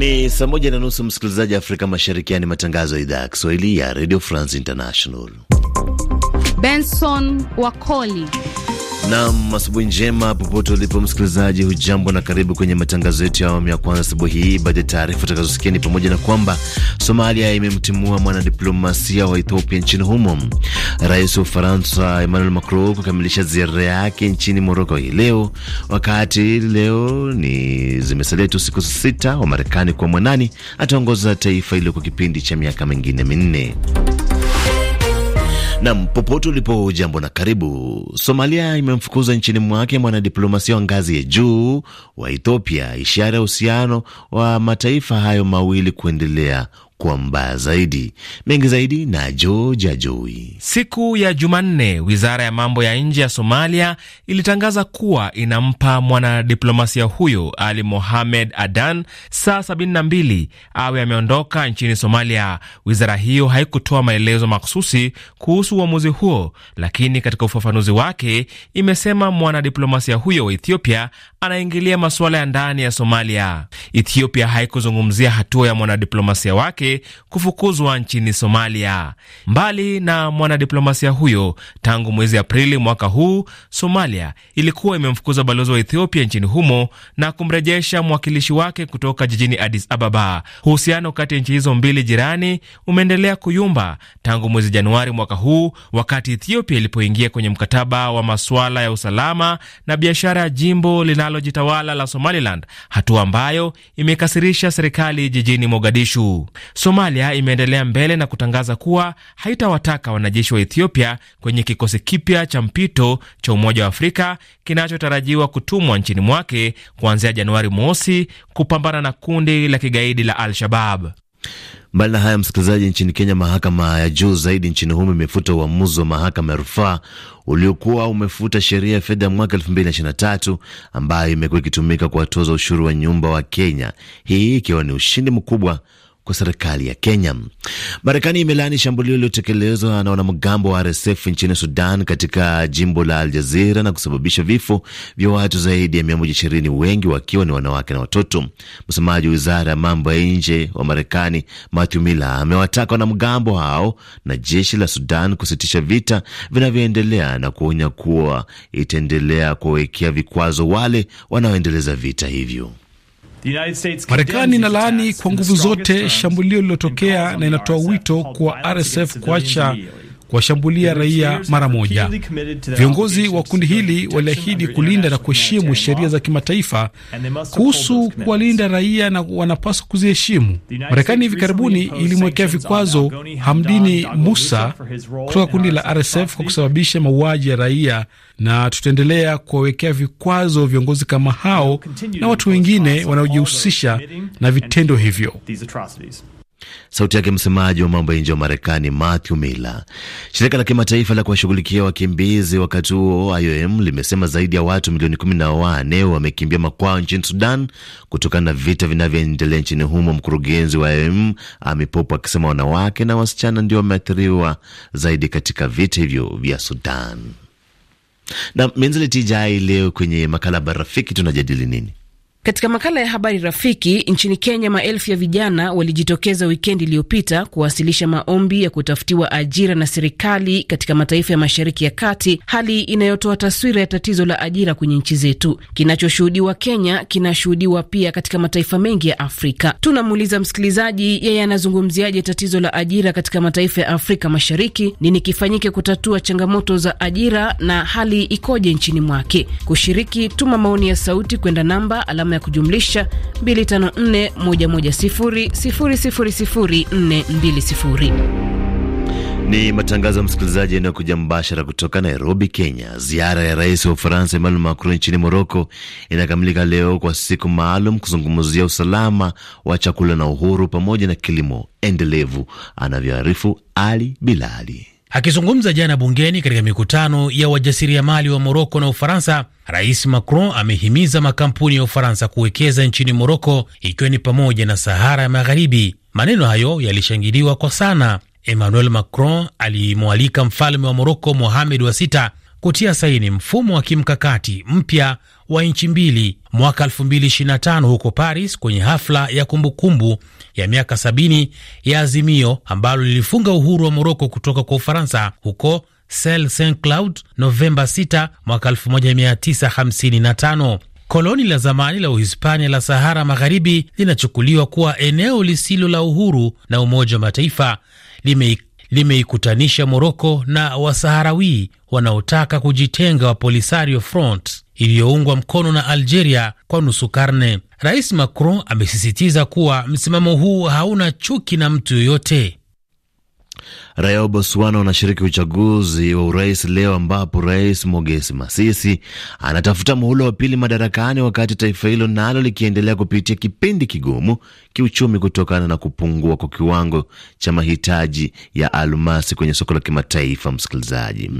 Ni saa moja na nusu msikilizaji Afrika Mashariki, yani matangazo ya idhaa ya Kiswahili ya Radio France International. Benson Wakoli Nam, asubuhi njema popote ulipo msikilizaji, hujambo na karibu kwenye matangazo yetu ya awamu ya kwanza asubuhi hii. Baadhi ya taarifa utakazosikia ni pamoja na kwamba Somalia imemtimua mwanadiplomasia wa Ethiopia nchini humo. Rais wa Ufaransa Emmanuel Macron kukamilisha ziara yake nchini Moroko hii leo, wakati leo ni zimesalia tu siku sita wa Marekani kuwa mwanani ataongoza taifa hilo kwa kipindi cha miaka mingine minne. Na popote ulipo, jambo na karibu. Somalia imemfukuza nchini mwake mwanadiplomasia wa ngazi ya juu wa Ethiopia, ishara ya uhusiano wa mataifa hayo mawili kuendelea kuwa mbaya zaidi. Mengi zaidi na Joja Joi. Siku ya Jumanne, wizara ya mambo ya nje ya Somalia ilitangaza kuwa inampa mwanadiplomasia huyo Ali Mohamed Adan saa 72 awe ameondoka nchini Somalia. Wizara hiyo haikutoa maelezo makhususi kuhusu uamuzi huo, lakini katika ufafanuzi wake imesema mwanadiplomasia huyo wa Ethiopia anaingilia masuala ya ndani ya Somalia. Ethiopia haikuzungumzia hatua ya mwanadiplomasia wake kufukuzwa nchini Somalia. Mbali na mwanadiplomasia huyo, tangu mwezi Aprili mwaka huu Somalia ilikuwa imemfukuza balozi wa Ethiopia nchini humo na kumrejesha mwakilishi wake kutoka jijini Addis Ababa. Uhusiano kati ya nchi hizo mbili jirani umeendelea kuyumba tangu mwezi Januari mwaka huu, wakati Ethiopia ilipoingia kwenye mkataba wa masuala ya usalama na biashara ya jimbo linalojitawala la Somaliland, hatua ambayo imekasirisha serikali jijini Mogadishu. Somalia imeendelea mbele na kutangaza kuwa haitawataka wanajeshi wa Ethiopia kwenye kikosi kipya cha mpito cha Umoja wa Afrika kinachotarajiwa kutumwa nchini mwake kuanzia Januari mosi kupambana na kundi la kigaidi la Al-Shabab. Mbali na haya, msikilizaji, nchini Kenya, mahakama ya juu zaidi nchini humo imefuta uamuzi wa mahakama ya rufaa uliokuwa umefuta sheria ya fedha ya mwaka tatu ambayo imekuwa ikitumika kuwatoza ushuru wa nyumba wa Kenya, hii ikiwa ni ushindi mkubwa kwa serikali ya Kenya. Marekani imelaani shambulio lililotekelezwa na wanamgambo wa RSF nchini Sudan, katika jimbo la aljazira na kusababisha vifo vya watu zaidi ya 120, wengi wakiwa ni wanawake na watoto. Msemaji wa wizara ya mambo ya nje wa Marekani Matthew Miller amewataka wanamgambo hao na jeshi la Sudan kusitisha vita vinavyoendelea na kuonya kuwa itaendelea kuwawekea vikwazo wale wanaoendeleza vita hivyo. Marekani inalaani kwa nguvu zote shambulio lililotokea na inatoa wito kwa RSF kuacha kuwashambulia raia mara moja. Viongozi wa kundi hili waliahidi kulinda na kuheshimu sheria za kimataifa kuhusu kuwalinda raia na wanapaswa kuziheshimu. Marekani hivi karibuni ilimwekea vikwazo Hamdini Musa kutoka kundi la RSF kwa kusababisha mauaji ya raia, na tutaendelea kuwawekea vikwazo viongozi kama hao na watu wengine wanaojihusisha na vitendo hivyo. Sauti yake msemaji wa mambo ya nje wa Marekani Matthew Miller. Shirika la kimataifa la kuwashughulikia wakimbizi wakati huo IOM limesema zaidi ya watu milioni kumi na wanne wamekimbia makwao nchini Sudan kutokana na vita vinavyoendelea nchini humo, mkurugenzi wa IOM Amy akisema wanawake na wasichana ndio wameathiriwa zaidi katika vita hivyo vya Sudan. Na Minzilitijai, leo kwenye makala Bara Rafiki tunajadili nini? Katika makala ya habari rafiki, nchini Kenya, maelfu ya vijana walijitokeza wikendi iliyopita kuwasilisha maombi ya kutafutiwa ajira na serikali katika mataifa ya mashariki ya kati, hali inayotoa taswira ya tatizo la ajira kwenye nchi zetu. Kinachoshuhudiwa Kenya kinashuhudiwa pia katika mataifa mengi ya Afrika. Tunamuuliza msikilizaji, yeye anazungumziaje tatizo la ajira katika mataifa ya Afrika Mashariki? Nini kifanyike kutatua changamoto za ajira na hali ikoje nchini mwake? Kushiriki, tuma maoni ya sauti kwenda namba alama alama ya kujumlisha 254110000420. Ni matangazo ya msikilizaji yanayokuja mbashara kutoka Nairobi, Kenya. Ziara ya rais wa Ufaransa Emmanuel Macron nchini Moroko inakamilika leo kwa siku maalum kuzungumzia usalama wa chakula na uhuru pamoja na kilimo endelevu, anavyoarifu Ali Bilali. Akizungumza jana bungeni katika mikutano ya wajasiriamali wa Moroko na Ufaransa, Rais Macron amehimiza makampuni ya Ufaransa kuwekeza nchini Moroko, ikiwa ni pamoja na Sahara ya Magharibi. Maneno hayo yalishangiliwa kwa sana. Emmanuel Macron alimwalika mfalme wa Moroko Mohamed wa sita kutia saini mfumo wa kimkakati mpya wa nchi mbili mwaka 2025 huko Paris kwenye hafla ya kumbukumbu ya miaka 70 ya azimio ambalo lilifunga uhuru wa Moroko kutoka kwa Ufaransa huko Saint Cloud Novemba 6 mwaka 1955. Koloni la zamani la Uhispania la Sahara Magharibi linachukuliwa kuwa eneo lisilo la uhuru na Umoja wa Mataifa limeik limeikutanisha Moroko na Wasaharawi wanaotaka kujitenga wa Polisario Front iliyoungwa mkono na Algeria kwa nusu karne. Rais Macron amesisitiza kuwa msimamo huu hauna chuki na mtu yoyote. Raia wa Botswana wanashiriki uchaguzi wa urais leo, ambapo Rais Mogesi Masisi anatafuta muhula wa pili madarakani, wakati taifa hilo nalo likiendelea kupitia kipindi kigumu kiuchumi kutokana na kupungua kwa kiwango cha mahitaji ya almasi kwenye soko la kimataifa. Msikilizaji,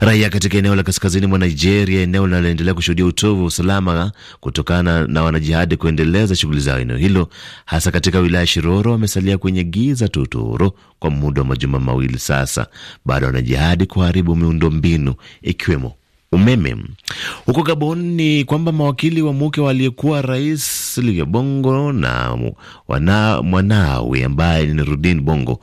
raia katika eneo la kaskazini mwa Nigeria, eneo linaloendelea kushuhudia utovu wa usalama kutokana na wanajihadi kuendeleza shughuli zao eneo hilo, hasa katika wilaya Shiroro, wamesalia kwenye giza tuturo kwa muda wa majuma mawili sasa baada ya wanajihadi kuharibu miundombinu ikiwemo umeme. Huko Gabon ni kwamba mawakili wa mke wa rais Lio Bongo na mwanawe ambaye ni Rudin Bongo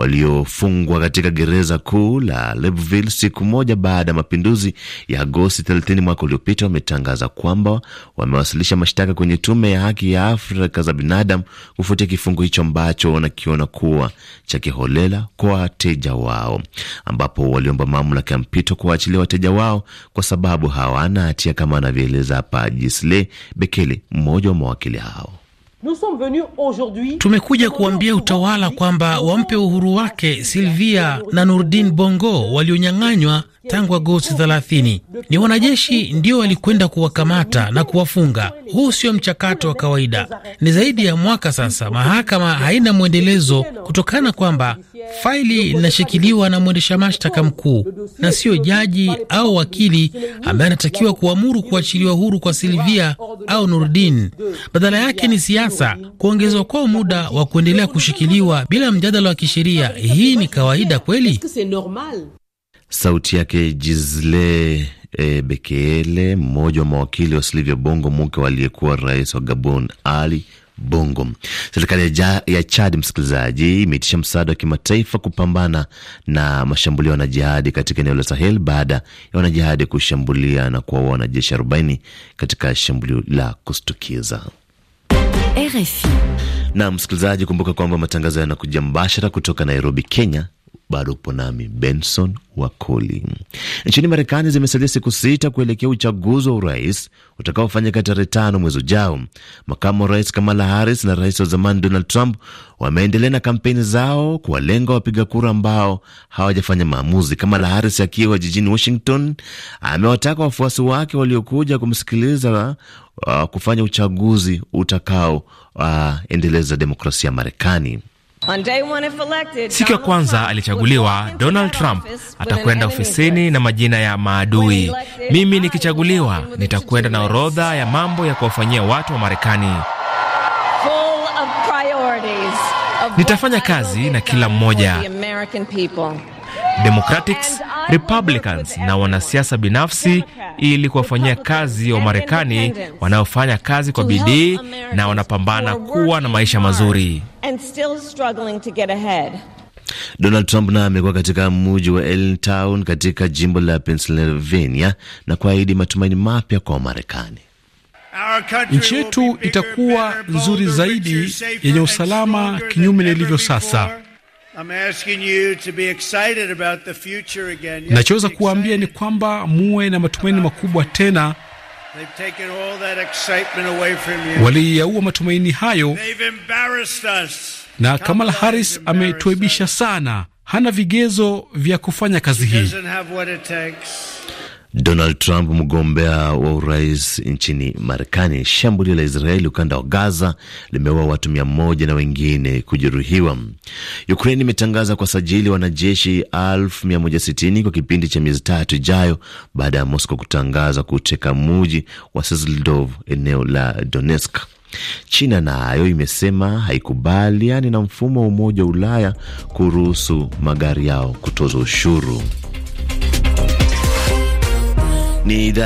waliofungwa katika gereza kuu la Libreville siku moja baada ya mapinduzi ya Agosti 30 mwaka uliopita wametangaza kwamba wamewasilisha mashtaka kwenye tume ya haki ya Afrika za binadamu kufuatia kifungo hicho ambacho wanakiona kuwa cha kiholela kwa wateja wao, ambapo waliomba mamlaka ya mpito kuwaachilia wateja wao kwa sababu hawana hatia, kama anavyoeleza hapa Jisle Bekele, mmoja wa mawakili hao. Tumekuja kuambia utawala kwamba wampe uhuru wake Silvia na Nurdin Bongo walionyang'anywa tangu Agosti 30. Ni wanajeshi ndio walikwenda kuwakamata na kuwafunga. Huu sio mchakato wa kawaida, ni zaidi ya mwaka sasa. Mahakama haina mwendelezo kutokana kwamba Faili linashikiliwa na mwendesha mashtaka mkuu na siyo jaji au wakili ambaye anatakiwa kuamuru kuachiliwa huru kwa Silvia au Nurdin. Badala yake ni siasa, kuongezwa kwao muda wa kuendelea kushikiliwa bila mjadala wa kisheria. Hii ni kawaida kweli? Sauti yake Jizle E, eh, Bekele, mmoja wa mawakili wa Silvia Bongo, mke aliyekuwa rais wa Gabon Ali Bongo. Serikali ya Chad, msikilizaji, imeitisha msaada wa kimataifa kupambana na mashambulio ya wanajihadi katika eneo la Sahel baada ya wanajihadi kushambulia na kuwaua wanajeshi 40 katika shambulio la kustukiza. RFI na msikilizaji, kumbuka kwamba matangazo yanakuja mbashara kutoka Nairobi, Kenya bado upo nami Benson Wakoli. Nchini Marekani zimesalia siku sita kuelekea uchaguzi wa urais utakaofanyika tarehe tano mwezi ujao. Makamu wa rais Kamala Harris na rais wa zamani Donald Trump wameendelea na kampeni zao kuwalenga wapiga kura ambao hawajafanya maamuzi. Kamala Harris akiwa jijini Washington amewataka wafuasi wake waliokuja kumsikiliza uh, kufanya uchaguzi utakaoendeleza uh, demokrasia Marekani. Siku ya kwanza alichaguliwa, Donald Trump atakwenda ofisini na majina ya maadui. Mimi nikichaguliwa, nitakwenda na orodha ya mambo ya kuwafanyia watu wa Marekani. Nitafanya kazi na kila mmoja. Democrats Republicans na wanasiasa binafsi ili kuwafanyia kazi wa Marekani wanaofanya kazi kwa bidii na wanapambana kuwa na maisha mazuri. Donald Trump naye amekuwa katika mji wa Allentown katika jimbo la Pennsylvania na kuahidi matumaini mapya kwa Wamarekani. Nchi yetu itakuwa nzuri zaidi, yenye usalama, kinyume na ilivyo sasa. Nachoweza kuwaambia ni kwamba muwe na matumaini makubwa tena. Waliyaua matumaini hayo, na Kamala Harris ametuaibisha sana. Hana vigezo vya kufanya kazi hii. Donald Trump, mgombea wa urais nchini Marekani. Shambulio la Israeli ukanda wa Gaza limeua watu mia moja na wengine kujeruhiwa. Ukraine imetangaza kwa sajili wanajeshi elfu mia moja sitini kwa kipindi cha miezi tatu ijayo baada ya Moscow kutangaza kuteka muji wa Sesledov, eneo la Donetsk. China nayo na imesema haikubaliani na mfumo wa Umoja wa Ulaya kuruhusu magari yao kutoza ushuru. நீத